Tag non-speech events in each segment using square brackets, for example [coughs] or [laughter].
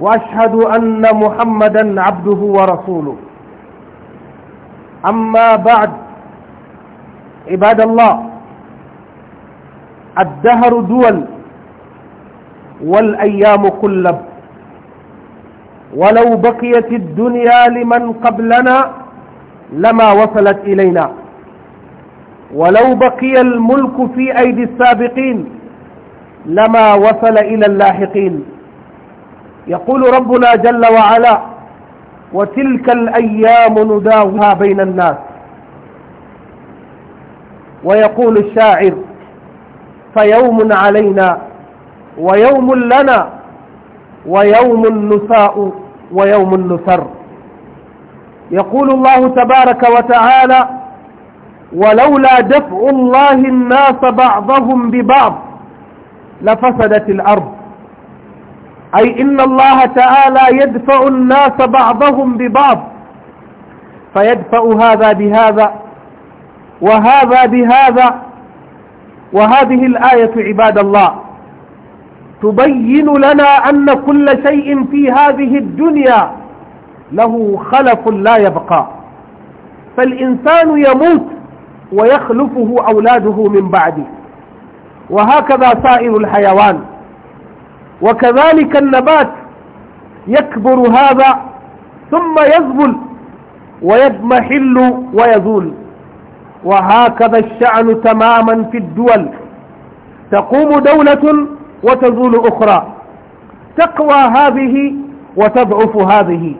واشهد ان محمدا عبده ورسوله اما بعد عباد الله الدهر دول والايام قلب ولو بقيت الدنيا لمن قبلنا لما وصلت الينا ولو بقي الملك في ايدي السابقين لما وصل الى اللاحقين يقول ربنا جل وعلا وتلك الأيام نداوها بين الناس ويقول الشاعر فيوم علينا ويوم لنا ويوم نساء ويوم نسر يقول الله تبارك وتعالى ولولا دفع الله الناس بعضهم ببعض لفسدت الأرض أي إن الله تعالى يدفع الناس بعضهم ببعض فيدفع هذا بهذا وهذا بهذا وهذه الآية عباد الله تبين لنا أن كل شيء في هذه الدنيا له خلف لا يبقى فالإنسان يموت ويخلفه أولاده من بعده وهكذا سائر الحيوان وكذلك النبات يكبر هذا ثم يذبل ويضمحل ويزول وهكذا الشأن تماما في الدول تقوم دولة وتزول أخرى تقوى هذه وتضعف هذه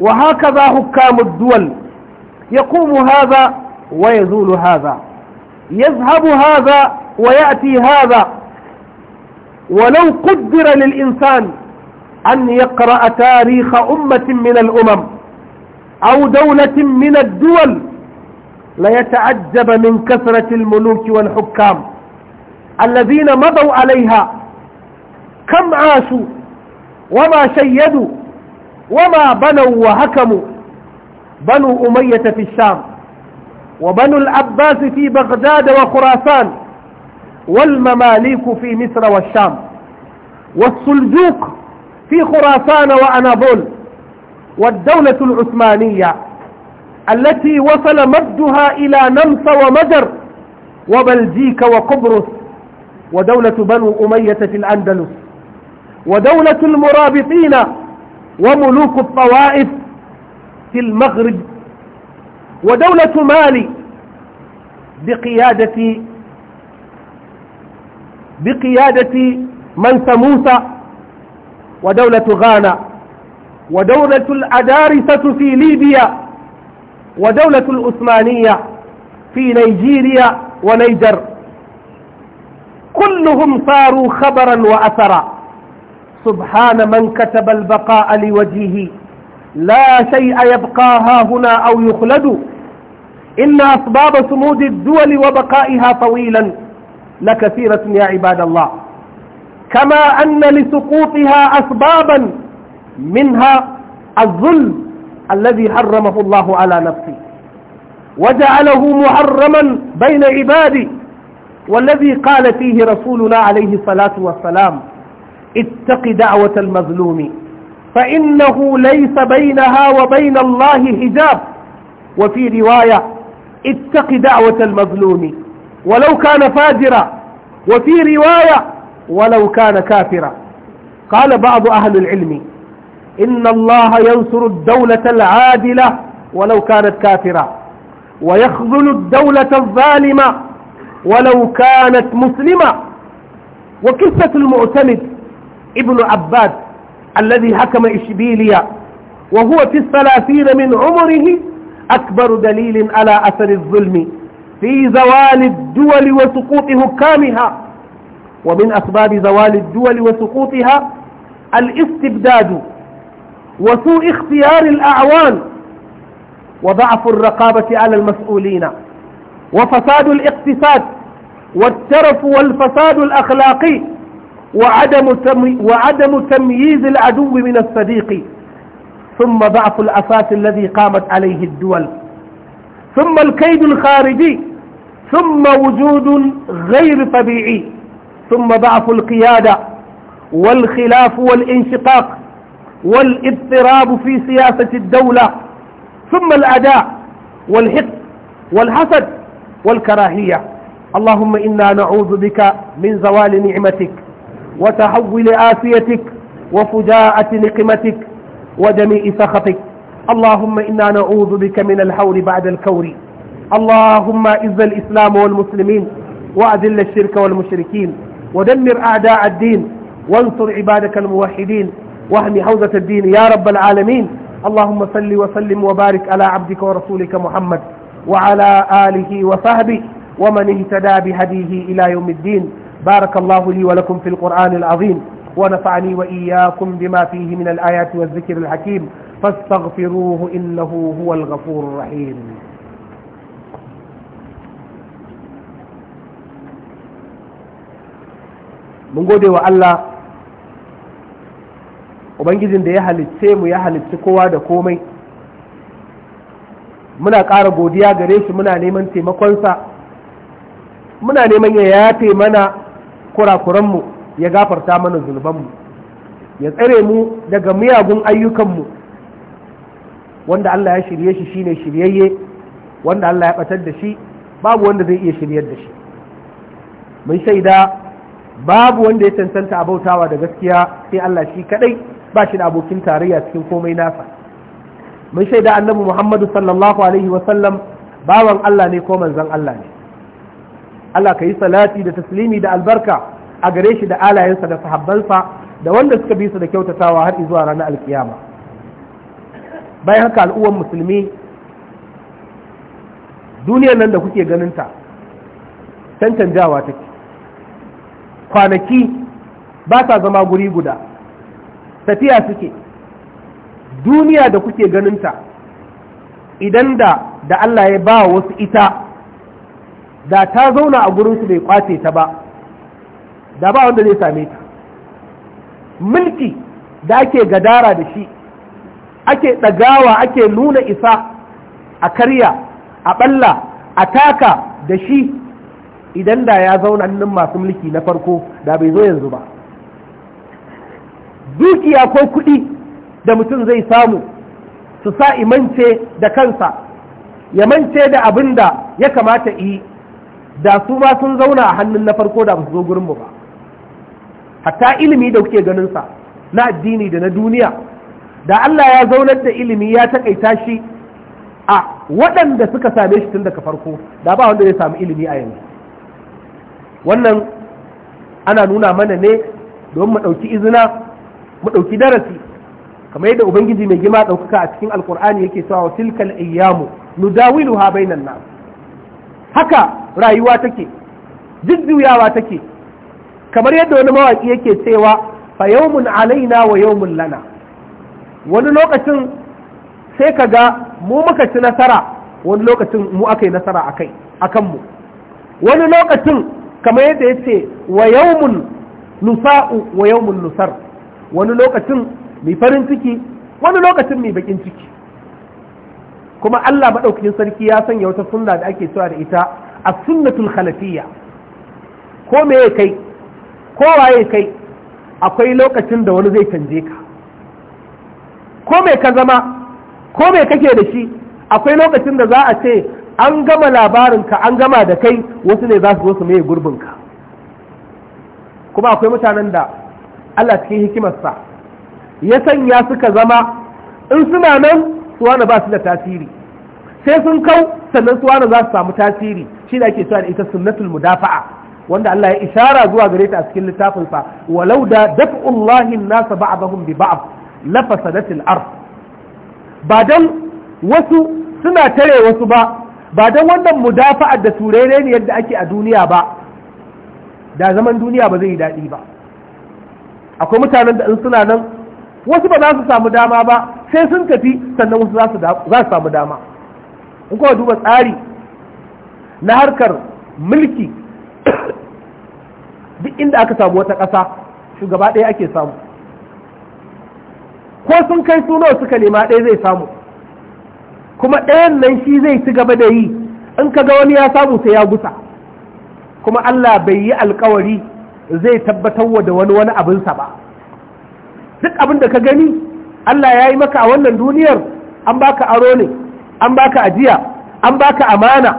وهكذا حكام الدول يقوم هذا ويزول هذا يذهب هذا ويأتي هذا ولو قدر للإنسان أن يقرأ تاريخ أمة من الأمم أو دولة من الدول ليتعجب من كثرة الملوك والحكام الذين مضوا عليها كم عاشوا وما شيدوا وما بنوا وهكموا بنو أمية في الشام وبنو العباس في بغداد وخراسان والمماليك في مصر والشام والسلجوق في خراسان وأناضول والدولة العثمانية التي وصل مدها إلى نمسا ومجر وبلجيك وقبرص ودولة بنو أمية في الأندلس ودولة المرابطين وملوك الطوائف في المغرب ودولة مالي بقيادة بقيادة من موسى ودولة غانا ودولة الأدارسة في ليبيا ودولة الأثمانية في نيجيريا ونيجر كلهم صاروا خبرا وأثرا سبحان من كتب البقاء لوجهه لا شيء يبقى ها هنا أو يخلد إن أسباب صمود الدول وبقائها طويلا لكثيرة يا عباد الله كما أن لسقوطها أسبابا منها الظلم الذي حرمه الله على نفسه وجعله محرما بين عبادي والذي قال فيه رسولنا عليه الصلاة والسلام اتق دعوة المظلوم فإنه ليس بينها وبين الله حجاب وفي رواية اتق دعوة المظلوم ولو كان فاجرا وفي رواية ولو كان كافرا قال بعض أهل العلم إن الله ينصر الدولة العادلة ولو كانت كافرة ويخذل الدولة الظالمة ولو كانت مسلمة وقصة المعتمد ابن عباد الذي حكم إشبيليا وهو في الثلاثين من عمره أكبر دليل على أثر الظلم في زوال الدول وسقوط حكامها ومن أسباب زوال الدول وسقوطها الاستبداد وسوء اختيار الأعوان وضعف الرقابة على المسؤولين وفساد الاقتصاد والترف والفساد الأخلاقي وعدم, وعدم تمييز العدو من الصديق ثم ضعف الأساس الذي قامت عليه الدول ثم الكيد الخارجي ثم وجود غير طبيعي ثم ضعف القيادة والخلاف والانشقاق والاضطراب في سياسة الدولة ثم الأداء والحقد والحسد والكراهية اللهم إنا نعوذ بك من زوال نعمتك وتحول آفيتك وفجاءة نقمتك وجميع سخطك اللهم إنا نعوذ بك من الحور بعد الكور اللهم اعز الإسلام والمسلمين وأذل الشرك والمشركين ودمر أعداء الدين وانصر عبادك الموحدين واهم حوزة الدين يا رب العالمين اللهم صل وسلم وبارك على عبدك ورسولك محمد وعلى آله وصحبه ومن اهتدى بهديه إلى يوم الدين بارك الله لي ولكم في القرآن العظيم ونفعني وإياكم بما فيه من الآيات والذكر الحكيم فاستغفروه إنه هو الغفور الرحيم mun gode wa Allah ubangijin da ya halitce mu ya halitci kowa da komai muna ƙara godiya gare shi muna neman taimakonsa muna neman ya yafe mana kurakuranmu ya gafarta mana zunubanmu ya tsare mu daga miyagun ayyukanmu wanda Allah ya shirye shi shine shiryayye wanda Allah ya batar da shi babu wanda zai iya shiryar da shi mun shaida babu wanda ya cancanta a bautawa da gaskiya sai Allah shi kadai ba shi da abokin tarayya cikin komai nasa mun shaida annabi Muhammadu sallallahu alaihi wa sallam bawan Allah ne ko manzon Allah ne Allah ka yi salati da taslimi da albarka a gare shi da alayensa da sahabbansa da wanda suka bi su da kyautatawa har zuwa ranar alkiyama bayan haka al'uwan musulmi duniyar nan da kuke ganinta tantanjawa take kwanaki ba sa zama guri guda tafiya suke duniya da kuke ganinta idan da da Allah ya ba wasu ita da ta zauna a gurinsu bai kwace ta ba da ba wanda zai same ta mulki da ake gadara da shi ake ɗagawa ake nuna isa a karya a ɓalla a taka da shi idan da ya zauna nan masu mulki na farko da bai zo yanzu ba dukiya ko kuɗi da mutum zai samu su sa imance da kansa ya mance da abin da ya kamata yi da su ma sun zauna a hannun na farko da ba su zo gurinmu ba hatta ilimi da kuke ganinsa na addini da na duniya da Allah ya zaunar da ilimi ya takaita shi a waɗanda suka same shi tun daga farko da ba wanda ya samu ilimi a yanzu wannan ana nuna mana ne don mu ɗauki izina mu ɗauki darasi kamar yadda ubangiji mai gima ɗaukaka a cikin alkur'ani yake cewa wa tilkal ayyamu nudawiluha bainan nas haka rayuwa take jujjuyawa take kamar yadda wani mawaki yake cewa fa yawmun alaina wa yawmun lana wani lokacin sai ka ga mu muka ci nasara wani lokacin mu aka nasara akai akan a wani lokacin kamar yadda ya ce wa yawmun nusa'u wa yawmun nusar wani lokacin mai farin ciki wani lokacin mai bakin ciki kuma Allah maɗaukakin sarki ya sanya wata sunna da ake cewa da ita a sunnatul khalafiyya ko me ya kai ko waye kai akwai lokacin da wani zai canje ka ko me ka zama ko me kake da shi akwai lokacin da za a ce an gama labarinka an gama da kai wasu ne za su zo su mai gurbinka kuma akwai mutanen da Allah cikin hikimarsa ya sanya suka zama in suna nan suwana ba su da tasiri sai sun kau sannan suwana za su samu tasiri shi da ake cewa da ita sunnatul mudafa'a wanda Allah ya ishara zuwa gare ta a cikin littafinsa walau da daf'ullahi nasa ba'dahum bi ba'd lafasadatil ard ba dan wasu suna tare wasu ba ba don wannan mudafa'ar da turere ne yadda ake a duniya ba da zaman duniya ba zai yi daɗi ba akwai mutanen da in suna nan wasu ba za su samu dama ba sai sun tafi sannan wasu za su samu dama in kuma duba tsari na harkar mulki [coughs] duk inda aka samu wata ƙasa shugaba ɗaya ake samu ko sun kai suno suka nema ɗaya zai samu kuma ɗayan nan shi zai ci gaba da yi in ka ga wani ya samu sai ya gusa kuma Allah bai yi alkawari zai tabbatar wa da wani wani abinsa ba duk abin da ka gani Allah ya yi maka a wannan duniyar an baka aro ne an baka ajiya an baka amana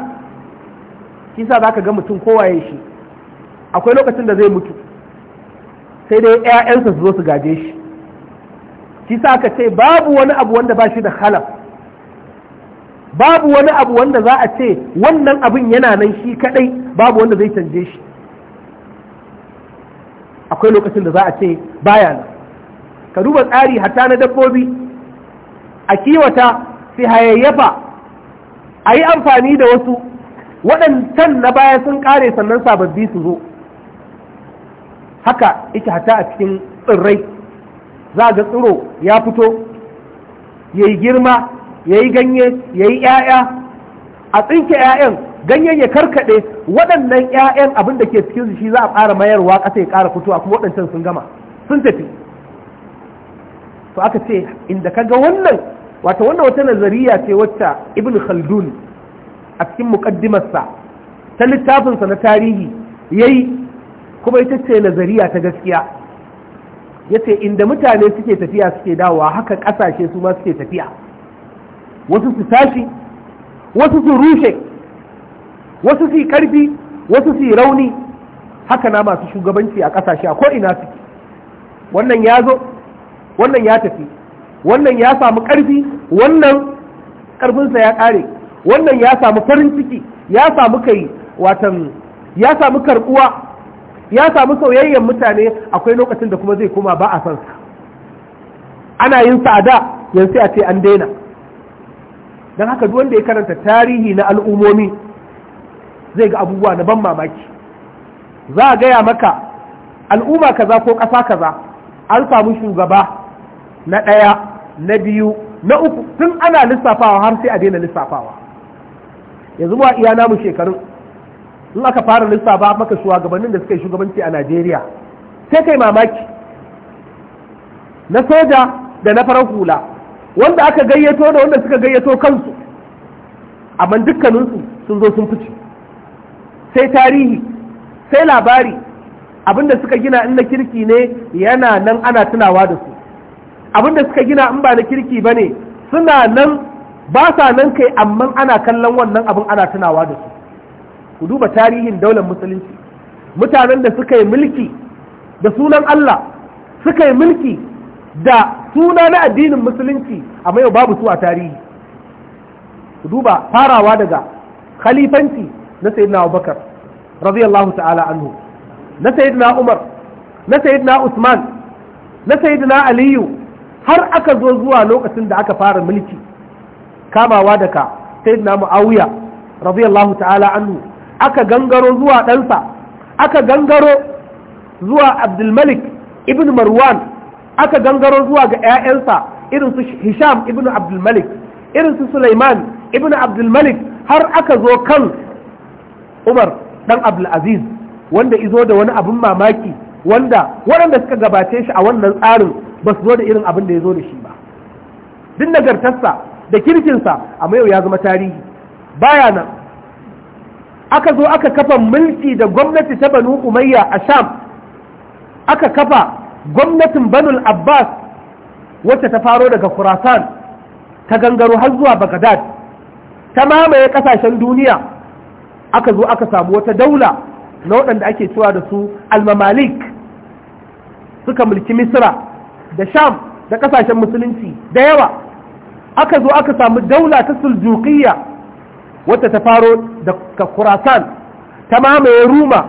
kisa za ka ga mutum kowaye shi akwai lokacin da zai mutu sai dai 'ya'yansa su zo su gaje shi kisa ka ce babu wani abu wanda ba shi da khalaf. babu wani abu wanda za a ce wannan abin yana nan shi kadai babu wanda zai canje shi akwai lokacin da za a ce baya nan ka duba tsari hatta na dabbobi a kiwata sai hayayyafa a yi amfani da wasu waɗancan na baya sun ƙare sannan sababbi su zo haka ita hata a cikin tsirrai za ga tsiro ya fito ya yi girma ya yi ganye ya yi 'ya'ya a tsinke 'ya'yan ganyen ya karkaɗe waɗannan 'ya'yan abin da ke cikin shi za a ƙara mayarwa ƙasa ya ƙara fitowa kuma waɗancan sun gama sun tafi to aka ce inda ka ga wannan wata wannan wata nazariya ce wacce ibn khaldun a cikin muƙaddimarsa ta littafinsa na tarihi ya yi kuma ita ce nazariya ta gaskiya ya ce inda mutane suke tafiya suke dawowa haka ƙasashe su ma suke tafiya wasu su tashi wasu su rushe wasu su yi karfi wasu su yi rauni haka na masu shugabanci a ƙasashe a ko'ina suke wannan ya zo wannan ya tafi wannan ya samu ƙarfi wannan ƙarfinsa ya ƙare wannan ya samu farin ciki ya samu kai watan ya samu karkuwa ya samu soyayyen mutane akwai lokacin da kuma zai koma ba a sansa ana yin da yanzu a ce an daina don haka duk wanda ya karanta tarihi na al'ummomi zai ga abubuwa na ban mamaki za a gaya maka al'umma kaza ko ƙasa kaza an samu shugaba na ɗaya na biyu na uku tun ana lissafawa har sai a daina lissafawa yanzu mu a iya namu shekarun in aka fara lissafa maka shugabannin da suka yi shugabanci a najeriya sai kai mamaki na soja da na farar hula wanda aka gayyato da wanda suka gayyato kansu amma dukkaninsu sun zo sun fice sai tarihi sai labari abinda suka gina in na kirki ne yana nan ana tunawa da su abinda suka gina in ba na kirki ba ne suna nan ba sa nan kai amma ana kallon wannan abin ana tunawa da su ku duba tarihin daular musulunci mutanen da suka yi mulki da sunan Allah suka yi mulki da suna na addinin musulunci amma yau babu su a tarihi ku duba farawa daga khalifanci na sayyidina abubakar radiyallahu ta'ala anhu na sayyidina umar na sayyidina usman na sayyidina aliyu har aka zo zuwa lokacin da aka fara mulki kamawa daga sayyidina muawiya radiyallahu ta'ala anhu aka gangaro zuwa ɗansa aka gangaro zuwa abdulmalik ibn marwan aka gangaro zuwa ga 'ya'yansa irin su hisham ibn abdulmalik irin su suleiman ibn abdulmalik har aka zo kan umar dan abdulaziz wanda izo da wani abin mamaki wanda waɗanda suka gabace shi a wannan tsarin ba su zo da irin abin da ya zo da shi ba duk nagartarsa da kirkinsa a mayau ya zama tarihi baya nan aka zo aka kafa mulki da gwamnati ta banu umayya a sham aka kafa gwamnatin banul abbas wacce ta faro daga khurasan ta gangaro har zuwa bagdad ta mamaye kasashen duniya aka zo aka samu wata daula na waɗanda ake cewa da su almamalik suka mulki misra da sham da kasashen musulunci da yawa aka zo aka samu daula ta suljukiya wata ta faro daga khurasan ta mamaye ruma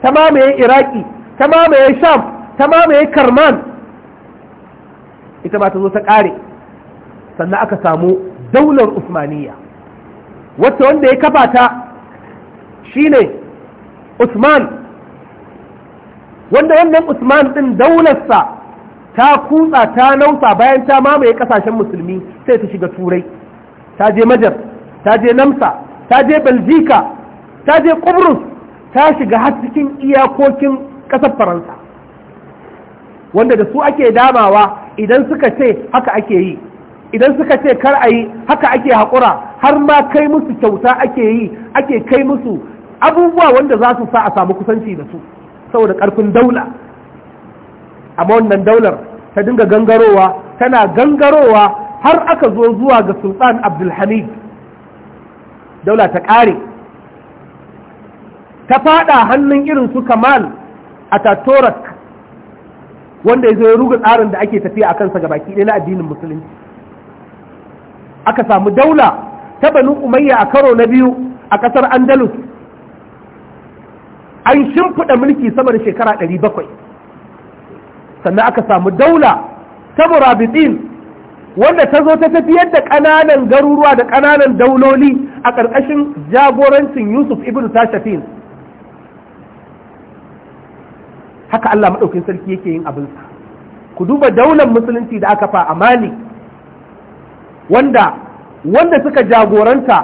ta mamaye iraki ta mamaye sham ta mamaye karman ita ma ta zo ta ƙare sannan aka samu daular usmaniya wacce wanda ya kafa ta shine usman wanda wannan usman ɗin daularsa ta kutsa ta nausa bayan ta mamaye ƙasashen musulmi sai ta shiga turai ta je majar ta je namsa ta je belgika ta je kubrus ta shiga har cikin iyakokin ƙasar faransa wanda da su ake damawa idan suka ce haka ake yi idan suka ce kar a yi haka ake haƙura har ma kai musu kyauta ake yi ake kai musu abubuwa wanda za su sa a samu kusanci da su saboda ƙarfin daula amma wannan daular ta dinga gangarowa tana gangarowa har aka zo zuwa ga sultan abdulhamid daula ta ƙare ta faɗa hannun irin su kamal a tatorak wanda ya zo ya ruga tsarin da ake tafiya a kansa ga baki ɗaya na addinin musulunci aka samu daula ta banu umayya a karo na biyu a ƙasar andalus an shimfiɗa mulki sama da shekara ɗari bakwai sannan aka samu daula ta murabitin wanda ta zo ta tafiyar da ƙananan garuruwa da ƙananan dauloli a ƙarƙashin jagorancin yusuf ibn tashafin haka Allah maɗaukin sarki yake yin abinsa ku duba daular musulunci da aka fa a mali wanda wanda suka jagoranta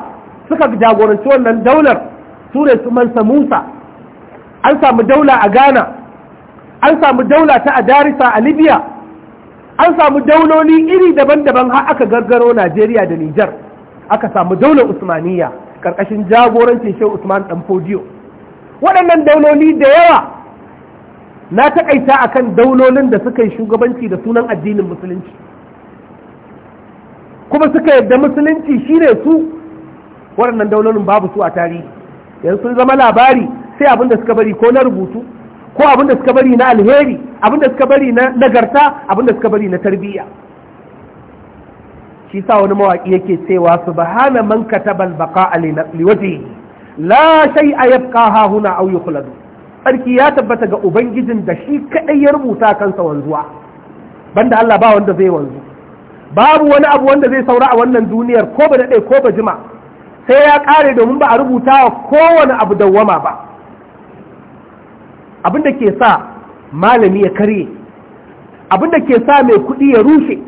suka jagoranci wannan daular su ne su mansa musa an samu daula a ghana an samu daula ta a adarisa a libya an samu dauloli iri daban-daban har aka gargaro najeriya da nijar aka samu daular usmaniya karkashin jagorancin shehu usman dan fodiyo waɗannan dauloli da yawa na taƙaita kan daulolin da suka yi shugabanci da sunan addinin musulunci kuma suka yadda musulunci shine su waɗannan daulolin babu su a tarihi yanzu sun zama labari sai abin da suka bari ko na rubutu ko abin da suka bari na alheri abin da suka bari na nagarta abin da suka bari na tarbiyya shi sa wani mawaƙi yake cewa su man kataba al-baqa li wajhihi la shay'a yabqa ha huna aw yukhladu tsarki ya tabbata ga ubangijin da shi kaɗai ya rubuta kansa wanzuwa banda Allah ba wanda zai wanzu babu wani abu wanda zai saura a wannan duniyar ko ba daɗe ko ba jima sai ya ƙare domin ba a rubuta wa kowane abu dawwama ba abin da ke sa malami ya karye abin da ke sa mai kuɗi ya rushe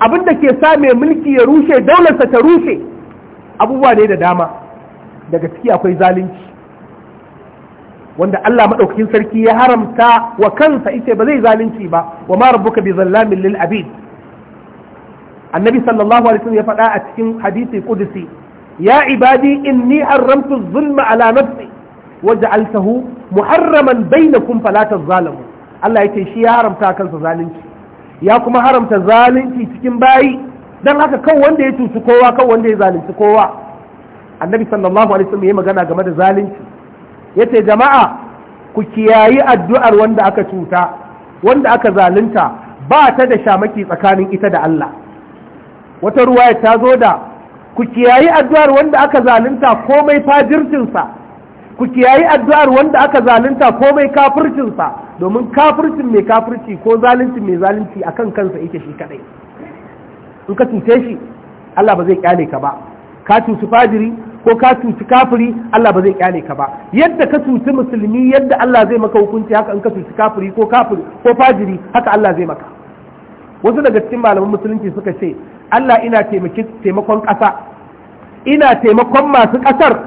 abin da ke sa mai mulki ya rushe daularsa ta rushe abubuwa ne da dama daga ciki akwai zalunci wanda Allah madaukakin sarki ya haramta wa kansa ita ba zai zalunci ba wa ma rabbuka bi zallamin lil abid annabi sallallahu alaihi wasallam ya faɗa a cikin hadisi qudsi ya ibadi inni haramtu zulma ala nafsi waj'altahu muharraman bainakum fala tazalamu Allah yake shi ya haramta kansa zalunci ya kuma haramta zalunci cikin bayi dan haka kan wanda ya cuci kowa kan wanda ya zalunci kowa annabi sallallahu alaihi wasallam ya magana game da zalunci yace jama'a ku kiyayi addu'ar wanda aka cuta wanda aka zalunta ba ta da shamaki tsakanin ita da Allah wata ruwaya ta zo da ku kiyayi addu'ar wanda aka zalunta komai fajircinsa ku kiyayi addu'ar wanda aka zalunta komai kafircinsa domin kafircin mai kafirci ko zalunci mai zalunci akan kansa yake shi kadai in ka cuce shi Allah ba zai kyale ka ba ka cuci fajiri ko ka cuci kafiri Allah ba zai kyale ka ba yadda ka cuci musulmi yadda Allah zai maka hukunci haka in ka cuci kafiri ko kafiri ko fajiri haka Allah zai maka wasu daga cikin malaman musulunci suka ce Allah ina taimakon ƙasa ina taimakon masu ƙasar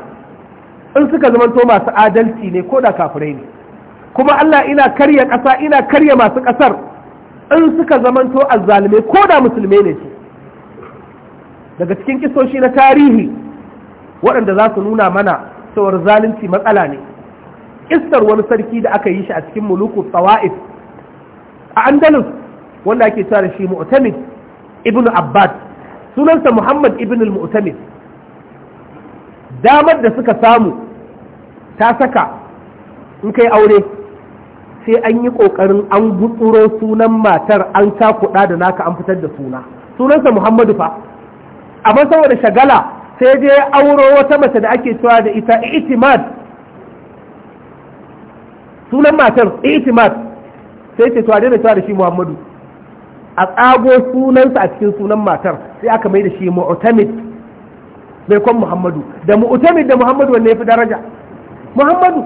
in suka zamanto masu adalci ne ko da kafirai ne kuma Allah ina karya ƙasa ina karya masu ƙasar in suka zamanto azzalume ko da musulmai ne ce daga cikin kisoshi na tarihi waɗanda za su nuna mana cewar zalunci matsala ne istar wani sarki da aka yi shi a cikin muluku tsawa'if a andalus wanda ake cewa da shi mu'tamid ibn abbad sunansa muhammad ibn mutamid damar da suka samu ta saka in kai aure sai an yi ƙoƙarin an gutsuro sunan matar an kuɗa da naka an fitar da suna sunansa muhammadu fa amma saboda shagala sai je auro wata mace da ake cewa da ita itimad sunan matar itimad sai ce cewa da cewa da shi muhammadu a tsago sunansa a cikin sunan matar sai aka mai da shi mu'tamid mai kwan muhammadu da mu'tamid da muhammadu wanne ya fi daraja muhammadu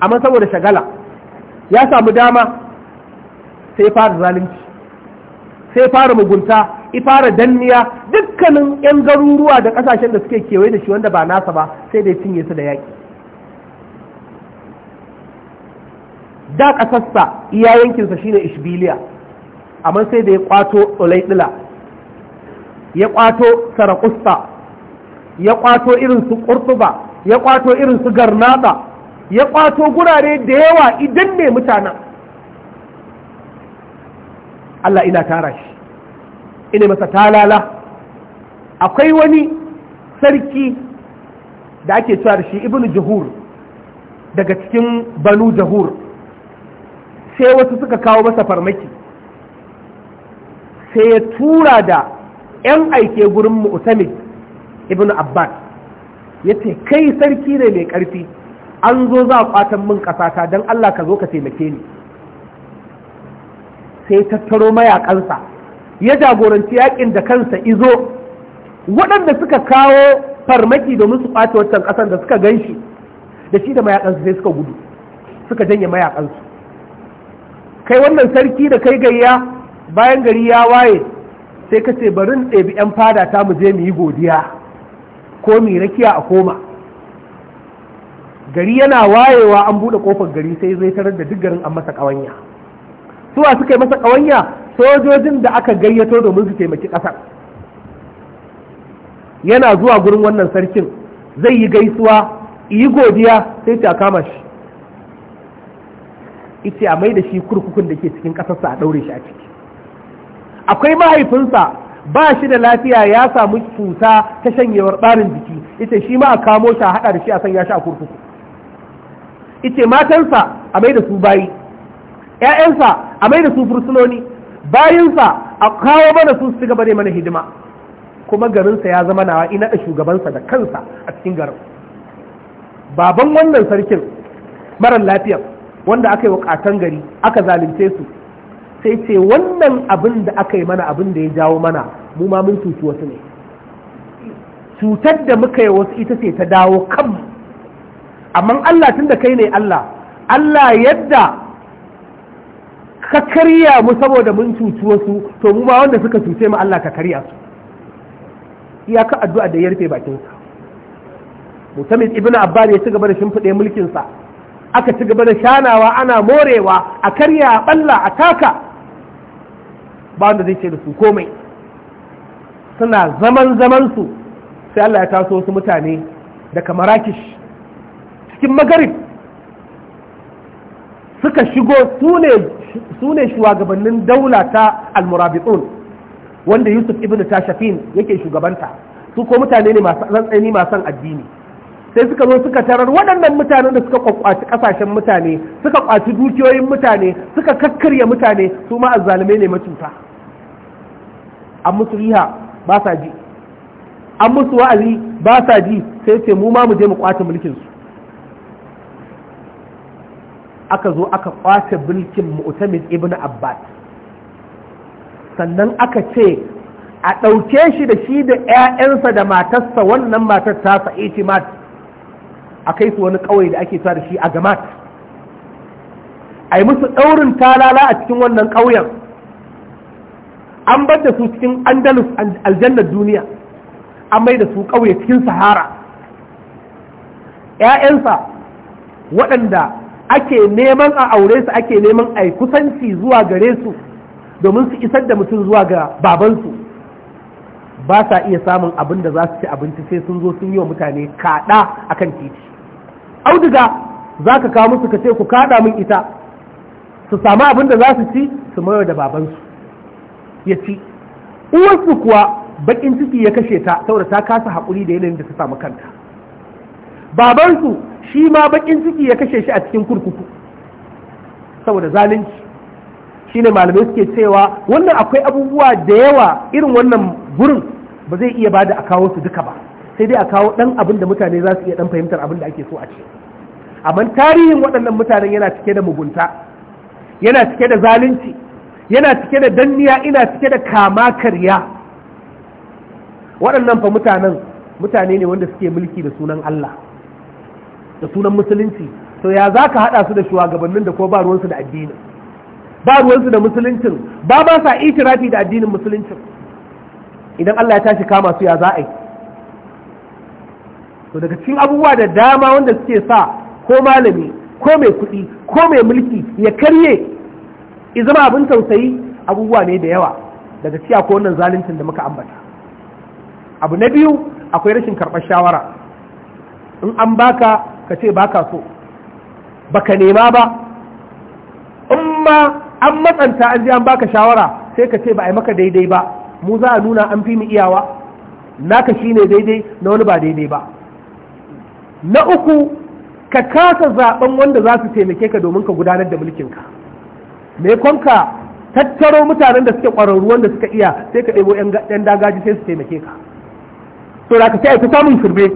amma saboda shagala ya samu dama sai fara zalunci sai fara mugunta ifara danniya dukkanin yan garuruwa da ƙasashen da suke kewaye da shi wanda ba nasa ba sai da cinye su da yaƙi da ƙasarsa iya yankinsa shine ishbiliya amma sai da ya kwato ulaidila ya kwato sarakusta ya kwato irin su ƙurtuba ya kwato irin su garnaɗa, ya kwato gurare da yawa idan ne mutanen Allah ina tara shi ina masa talala akwai wani sarki da ake cewa da shi ibnu jahur daga cikin banu jahur sai wasu suka kawo masa farmaki sai ya tura da 'yan aike gurin mu'tamid ibnu abbas ya ce kai sarki ne mai ƙarfi an zo za a kwatan min ƙasata don allah ka zo ka taimake ni sai tattaro mayakansa ya jagoranci yakin da kansa izo waɗanda suka kawo farmaki domin su ɓace waccan ƙasar da suka gan shi da shi da mayakansu sai suka gudu suka janye mayakansu kai wannan sarki da kai gayya bayan gari ya waye sai ka ce bari in ɗebi 'yan fada ta mu je mu yi godiya ko mu yi rakiya a koma gari yana wayewa an buɗe ƙofar gari sai zai tarar da duk garin an masa ƙawanya suwa suka yi masa ƙawanya sojojin da aka gayyato domin su taimaki ƙasar yana zuwa gurin wannan sarkin zai yi gaisuwa yi godiya sai ta kama shi ita a mai da shi kurkukun da ke cikin ƙasarsa a ɗaure shi a ciki akwai mahaifinsa ba shi da lafiya ya samu cuta ta shanyewar ɓarin jiki ita shi ma a kamo shi a haɗa da shi a sanya shi a kurkuku ita matansa a mai da su bayi ‘ya'yansa a mai da su fursunoni bayinsa a kawo mana su su gaba ne mana hidima kuma garinsa ya zama nawa ina da shugabansa da kansa a cikin garin baban wannan sarkin marar lafiya wanda aka yi wakatan gari aka zalunce su sai ce wannan abin da aka yi mana abin da ya jawo mana mu ma mun cuci wasu ne cutar da muka yi wasu ita ce ta dawo kan amma Allah tun da kai ne Allah Allah yadda ka kariya mu saboda mun cuci wasu to mu ma wanda suka cuce mu Allah ka kariya su ka addu'a da ya rufe bakin sa mutamin ibnu abbas ya ci gaba da shimfiɗe mulkinsa, aka ci gaba da shanawa ana morewa a kariya a balla a taka ba wanda zai ce da su komai suna zaman zaman su sai Allah ya taso wasu mutane daga marakish cikin magarib suka shigo su ne su ne shugabannin daula ta almurabi'un wanda yusuf ibn tashafin yake shugabanta su ko mutane ne masu rantsani masu addini sai suka zo suka tarar waɗannan mutanen da suka kwakwaci ƙasashen mutane suka kwaci dukiyoyin mutane suka kakkarya mutane su ma azzalumai ne macuta an musu riha ba sa ji an musu wa'azi ba sa ji sai ce mu ma mu je mu kwace mulkinsu aka zo aka kwace bilkin mu'tamid ibn abbas sannan aka ce a ɗauke shi da shi da 'ya'yansa da matarsa wannan matar ta sa'i a kai su wani ƙauye da ake sa da shi a gamat a yi musu ɗaurin talala a cikin wannan ƙauyen an bar da su cikin andalus aljannar duniya an mai da su ƙauye cikin sahara ‘ya'yansa waɗanda ake neman a aure su ake neman a kusanci zuwa gare su domin su isar da mutum zuwa ga babansu ba sa iya samun abin da za su ci abinci sai sun zo sun yi wa mutane kaɗa a kan titi auduga za ka kawo musu ka ce ku kaɗa min ita su samu abin da za su ci su mayar da babansu ya ci uwarsu kuwa bakin ciki ya kashe ta saboda ta kasa haƙuri da yanayin da ta samu kanta babansu shi ma bakin ciki ya kashe shi a cikin kurkuku saboda zalunci Shi ne malamai suke cewa wannan akwai abubuwa da yawa irin wannan gurin ba zai iya bada a kawo su duka ba sai dai a kawo dan abin da mutane za su iya ɗan fahimtar abin da ake so a ce amma tarihin waɗannan mutanen yana cike da mugunta yana cike da zalunci yana cike da danniya ina cike da kama karya waɗannan fa mutanen mutane ne wanda suke mulki da sunan Allah da sunan musulunci to ya za ka haɗa su da shugabannin da ko ba ruwansu da addinin ba ruwansu da musuluncin ba ba sa itirafi da addinin musuluncin idan Allah ya tashi kama su ya za a yi to daga cikin abubuwa da dama wanda suke sa ko malami ko mai kuɗi ko mai mulki ya karye ya zama abin tausayi abubuwa ne da yawa daga ciya ko wannan zaluncin da muka ambata abu na biyu akwai rashin karɓar shawara in an baka ka ce ba ka so baka nema ba in ma an matsanta an je an baka shawara sai ka ce ba a yi maka daidai ba mu za a nuna an fi mu iyawa naka shine daidai na wani ba daidai ba na uku ka kasa zaben wanda za su taimake ka domin ka gudanar da mulkinka me kanka tattaro mutanen da suke ƙwararru da suka iya sai ka ɗebo 'yan dagaji sai su taimake ka to da ka sai ka samun firbe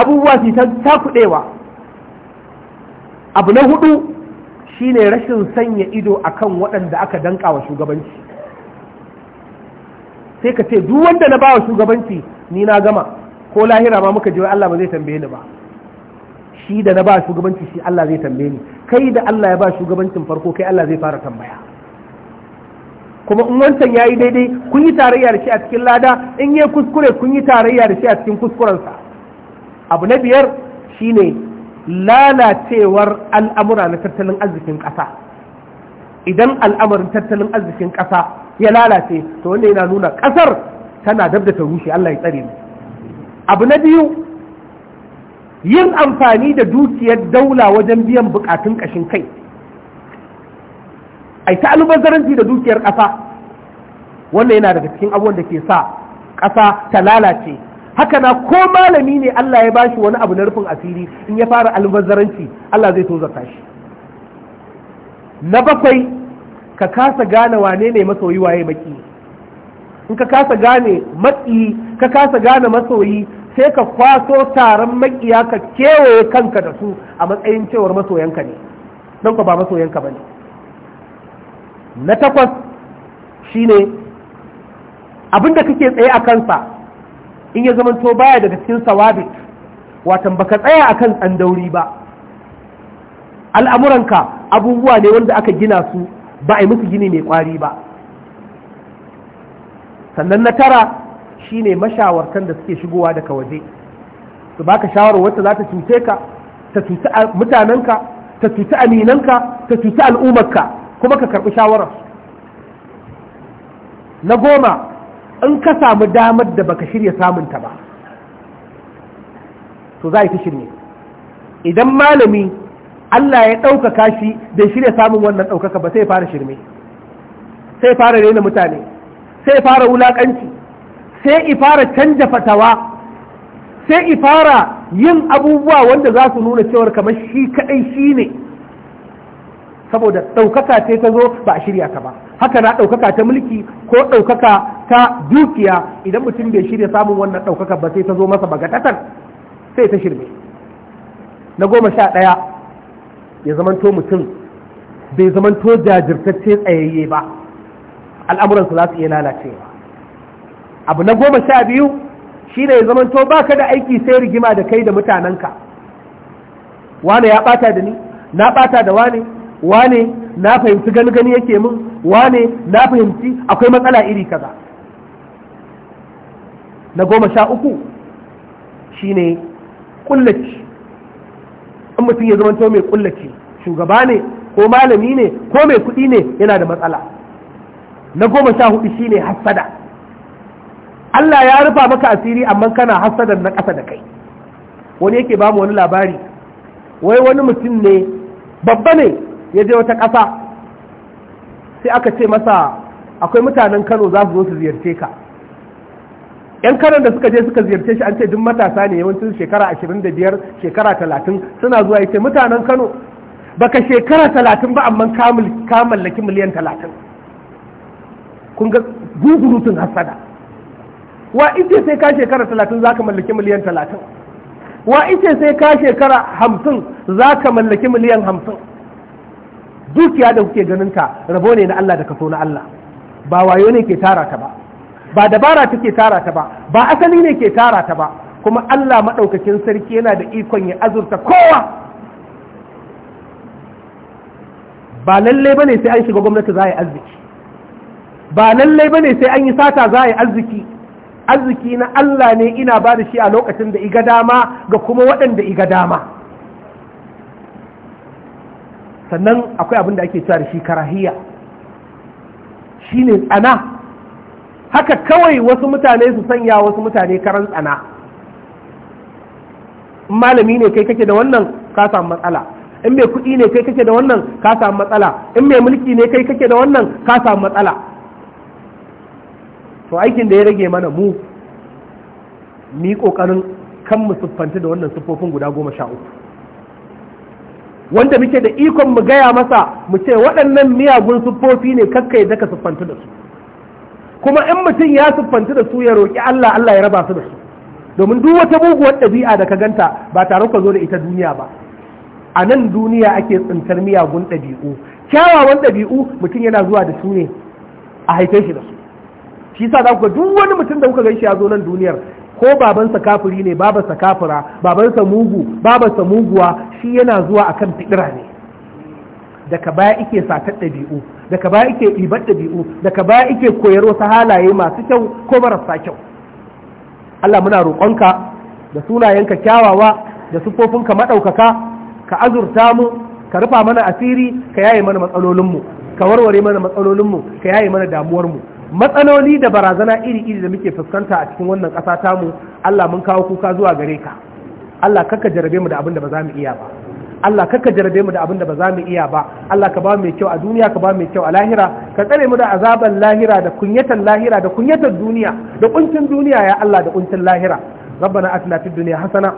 abubuwa su ta takuɗewa abu na hudu shine rashin sanya ido akan waɗanda aka danka wa shugabanci sai ka ce duk wanda na bawa shugabanci ni na gama ko lahira ma muka jiwa Allah ba zai tambaye ni ba shi da na ba shugabanci shi Allah zai tambaye ni kai da Allah ya ba shugabancin farko kai Allah zai fara tambaya kuma in wancan yi daidai kun yi tarayya da shi a cikin lada in yi kuskure kun yi tarayya da shi a cikin kuskurensa abu na biyar shine lalacewar al'amura na tattalin arzikin ƙasa idan al'amarin tattalin arzikin ƙasa ya lalace to wanda yana nuna ƙasar tana dab da ta rushe Allah ya tsare abu na biyu yin amfani da dukiyar daula wajen biyan bukatun ƙashin kai ai ta albazaranci da dukiyar ƙasa wannan yana daga cikin abubuwan da ke sa ƙasa ta lalace haka na ko malami ne Allah ya bashi wani abu na rufin asiri in ya fara albazaranci Allah zai tozarta shi na bakwai ka kasa gane wane ne masoyi waye maki in ka kasa gane matsi ka kasa gane masoyi sai ka kwaso taron makiya ka kewaye kanka da su a matsayin cewar masoyanka ne don ka ba masoyanka ba ne na takwas shine abinda kake tsaye a kansa in ya to baya daga cikin sawabit watan baka tsaya akan tsandauri ba al'amuranka abubuwa ne wanda aka gina su ba a yi musu gini mai kwari ba sannan na tara shine mashawartan da suke shigowa daga waje su baka shawarar wacce za ta cuce ka ta cuci mutanenka ta cuci aminanka ta cuci al'ummarka kuma ka karɓi shawarar na goma in ka samu damar da baka shirya samunta ba to za a fi shirme? idan malami Allah ya ɗaukaka shi da shirya samun wannan ɗaukaka ba sai fara shirme sai fara rena mutane sai fara wulaƙanci sai fara canja fatawa sai fara yin abubuwa wanda za su nuna cewar kamar shi kaɗai shi ne saboda ɗaukaka ce ta zo ba a shirya ka ba haka na ɗaukaka ta mulki ko ɗaukaka ta dukiya idan mutum bai shirya samun wannan ɗaukaka ba sai ta zo masa bagatatan sai ta shirme na goma sha ɗaya ya zamanto mutum bai zamanto jajirtacce tsayayye ba al'amuransu za su iya lalacewa abu na goma sha biyu shi ne ya zamanto ba ka da aiki sai rigima da kai da mutanenka wane ya ɓata da ni na ɓata da wane wane na fahimci gani gani yake min wane na fahimci akwai matsala iri kaza na goma sha uku shine kullaci in mutum ya zamanto mai kullaci shugaba ne ko malami ne ko mai kuɗi ne yana da matsala na goma sha hudu shine hassada Allah ya rufa maka asiri amma kana hassadar na ƙasa da kai wani yake ba mu wani labari wai wani mutum ne babba ne ya je wata ƙasa sai aka ce masa akwai mutanen kano za su zo su ziyarce ka yan karan da suka je suka ziyarce shi an ce duk matasa ne yawancin shekara ashirin da biyar shekara talatin suna zuwa ya ce mutanen kano baka shekara talatin ba amma ka mallaki miliyan talatin kun ga gugurutun hasada wa ice sai ka shekara talatin za ka mallaki miliyan talatin wa ice sai ka shekara hamsin za ka mallaki miliyan hamsin dukiya da kuke ganin ta rabo ne na Allah da kaso na Allah ba wayo ne ke tara ta ba ba dabara take tara ta ba ba asali ne ke tara ta ba kuma Allah maɗaukakin sarki yana da ikon ya azurta kowa ba lallai bane sai an shiga gwamnati za a yi arziki ba lallai bane sai an yi sata za a yi arziki arziki na Allah ne ina ba da shi a lokacin da iga dama ga kuma waɗanda iga dama sannan akwai abin da ake cewa da shi karahiya shi ne tsana haka kawai wasu mutane su sanya wasu mutane karan tsana malami ne kai kake da wannan ka samu matsala in mai kuɗi ne kai kake da wannan ka samu matsala in mai mulki ne kai kake da wannan ka samu matsala to aikin da ya rage mana mu mu ƙoƙarin kan mu siffanta da wannan siffofin guda goma sha uku wanda muke da ikon mu gaya masa mu ce waɗannan miyagun siffofi ne kakkai da ka siffanta da su kuma in mutum ya siffanci da su ya roƙi Allah Allah ya raba su da su domin duk wata muguwar ɗabi'a da ka ganta ba tare ka zo da ita duniya ba a nan duniya ake tsintar miyagun ɗabi'u kyawawan ɗabi'u mutum yana zuwa da su ne a haife shi da su shi yasa za ku ga duk wani mutum da kuka gan shi ya zo nan duniyar ko babansa kafuri ne babansa kafura, babansa mugu babansa muguwa shi yana zuwa akan fiɗira ne daga baya ike satar ɗabi'u daga baya ike ɗibar ɗabi'u daga baya ike koyar wasu halaye masu kyau ko marasa kyau Allah muna roƙonka da sunayenka kyawawa da siffofinka maɗaukaka ka azurta mu ka rufa mana asiri ka yaye mana matsalolinmu ka warware mana matsalolinmu ka yaye mana damuwarmu matsaloli da barazana iri-iri da muke fuskanta a cikin wannan ƙasa tamu Allah mun kawo kuka zuwa gare ka Allah kakka jarabe mu da abin da ba za mu iya ba Allah kaka jarabe mu da abin da ba za mu iya ba Allah ka ba mu mai kyau a duniya ka ba mu mai kyau a lahira ka tsare mu da azaban lahira da kunyatan lahira da kunyatan duniya da kuncin duniya ya Allah da kuncin lahira ربنا اتنا في الدنيا حسنه